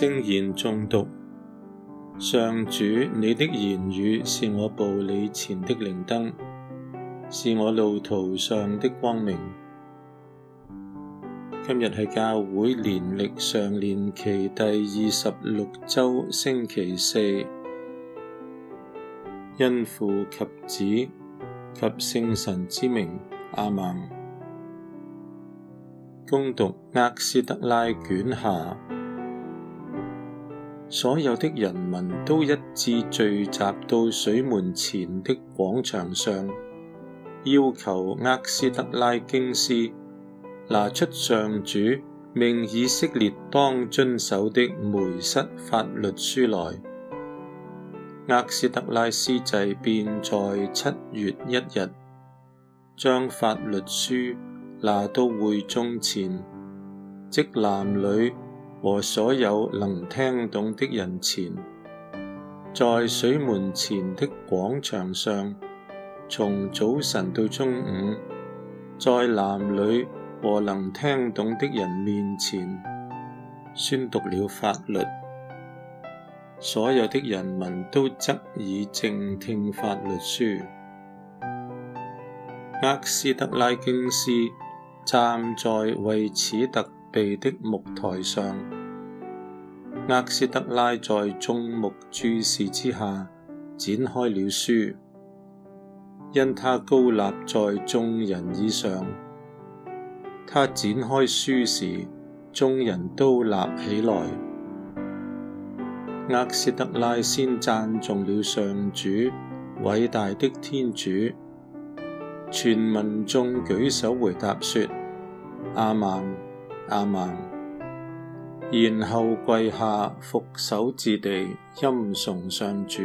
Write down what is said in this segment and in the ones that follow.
聖言誦讀，上主，你的言語是我步履前的靈燈，是我路途上的光明。今日係教會年曆常年期第二十六周星期四，因父及子及聖神之名亞孟。恭讀厄斯德拉卷下。所有的人民，都一致聚集到水門前的廣場上，要求厄斯德拉經師，拿出上主命以色列當遵守的梅瑟法律書來。厄斯德拉司祭便在七月一日，將法律書拿到會眾前，即男女。和所有能聽懂的人前，在水門前的廣場上，從早晨到中午，在男女和能聽懂的人面前，宣讀了法律。所有的人民都側耳靜聽法律書。厄斯德拉經師站在為此特備的木台上，厄斯德拉在眾目注視之下展開了書，因他高立在眾人以上。他展開書時，眾人都立起來。厄斯德拉先讚頌了上主，偉大的天主，全民眾舉手回答說：亞孟。亞孟，然後跪下，伏首至地，欽崇上主。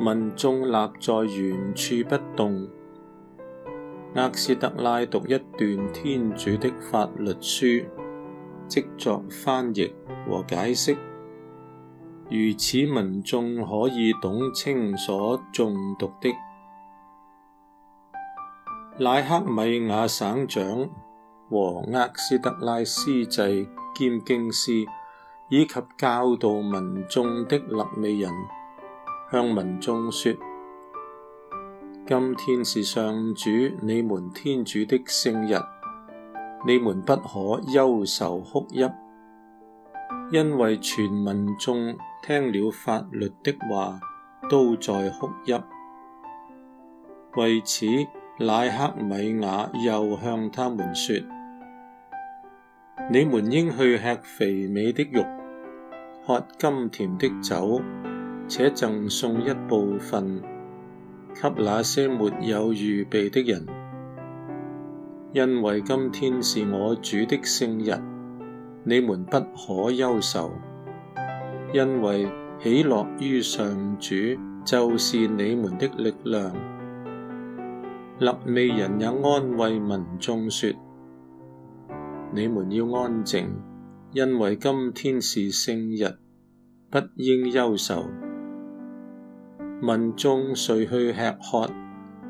民眾立在原處不動。厄斯德拉讀一段天主的法律書，即作翻譯和解釋，如此民眾可以懂清所誦讀的。乃赫米雅省長。和厄斯德拉司祭兼經師，以及教導民眾的肋未人，向民眾說：今天是上主你們天主的聖日，你們不可憂愁哭泣，因為全民眾聽了法律的話，都在哭泣。為此，乃赫米雅又向他們說。你們應去吃肥美的肉，喝甘甜的酒，且贈送一部分，給那些沒有預備的人，因為今天是我主的聖日。你們不可憂愁，因為喜樂於上主，就是你們的力量。肋未人也安慰民眾說。你們要安靜，因為今天是聖日，不應憂愁。民眾遂去吃喝，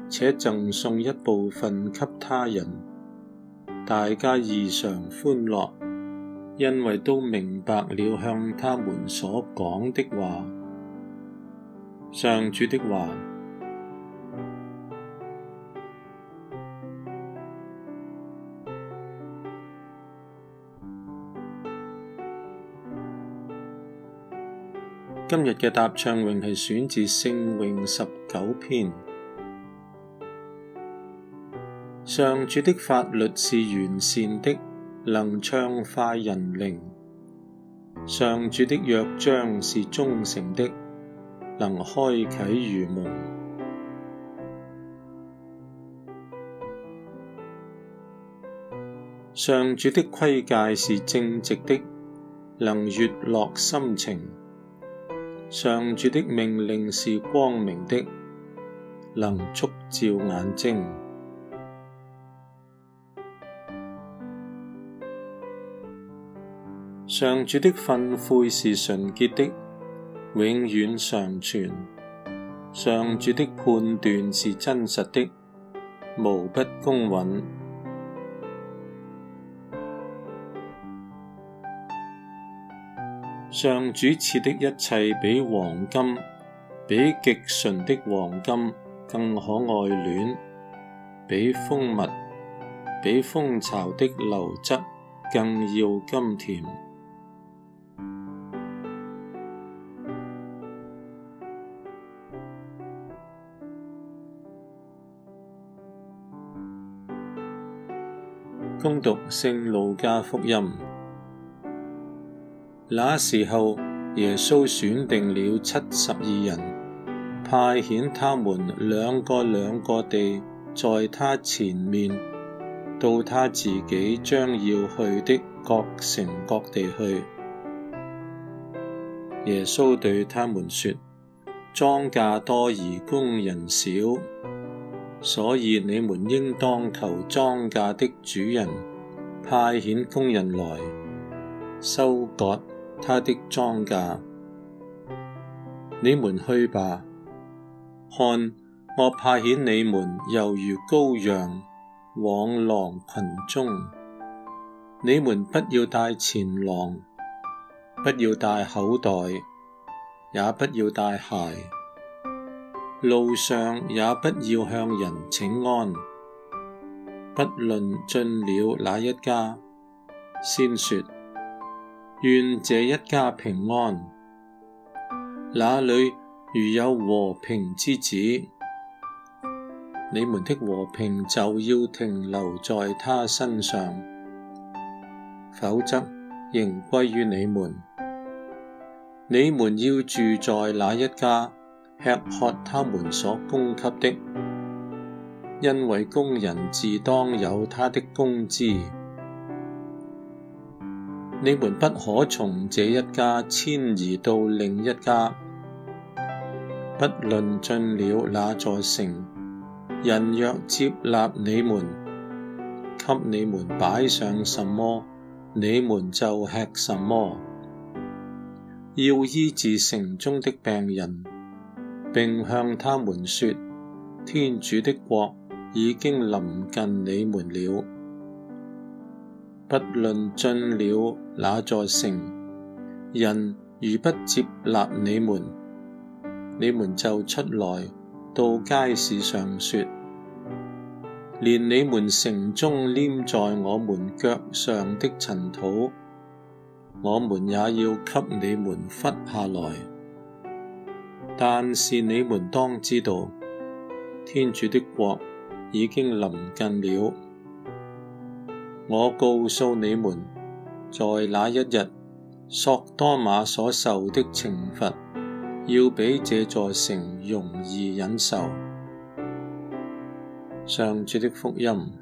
且贈送一部分給他人，大家異常歡樂，因為都明白了向他們所講的話。上主的話。今日嘅答唱詠係選自聖詠十九篇。上主的法律是完善的，能暢快人靈；上主的約章是忠誠的，能開啟愚蒙；上主的規誡是正直的，能悅樂心情。上主的命令是光明的，能燭照眼睛；上主的訓誨是純潔的，永遠常存；上主的判斷是真實的，無不公允。上主賜的一切，比黃金，比極純的黃金更可愛戀，比蜂蜜，比蜂巢的流汁更要甘甜。恭讀聖路加福音。那時候，耶穌選定了七十二人，派遣他們兩個兩個地在他前面，到他自己將要去的各城各地去。耶穌對他們說：莊稼多而工人少，所以你們應當求莊稼的主人派遣工人來收割。他的莊稼，你們去吧。看，我派遣你們，猶如羔羊往狼群中。你們不要帶錢囊，不要帶口袋，也不要帶鞋。路上也不要向人請安，不論進了哪一家，先說。願這一家平安。那裏如有和平之子，你們的和平就要停留在他身上，否則仍歸於你們。你們要住在那一家，吃喝他們所供給的，因為工人自當有他的工資。你們不可從這一家遷移到另一家，不論進了那座城，人若接納你們，給你們擺上什麼，你們就吃什麼。要醫治城中的病人，並向他們說：天主的國已經臨近你們了。不論進了哪座城，人如不接納你們，你們就出來到街市上說：連你們城中黏在我們腳上的塵土，我們也要給你們拂下來。但是你們當知道，天主的國已經臨近了。我告訴你們，在那一日，索多瑪所受的懲罰，要比這座城容易忍受。上主的福音。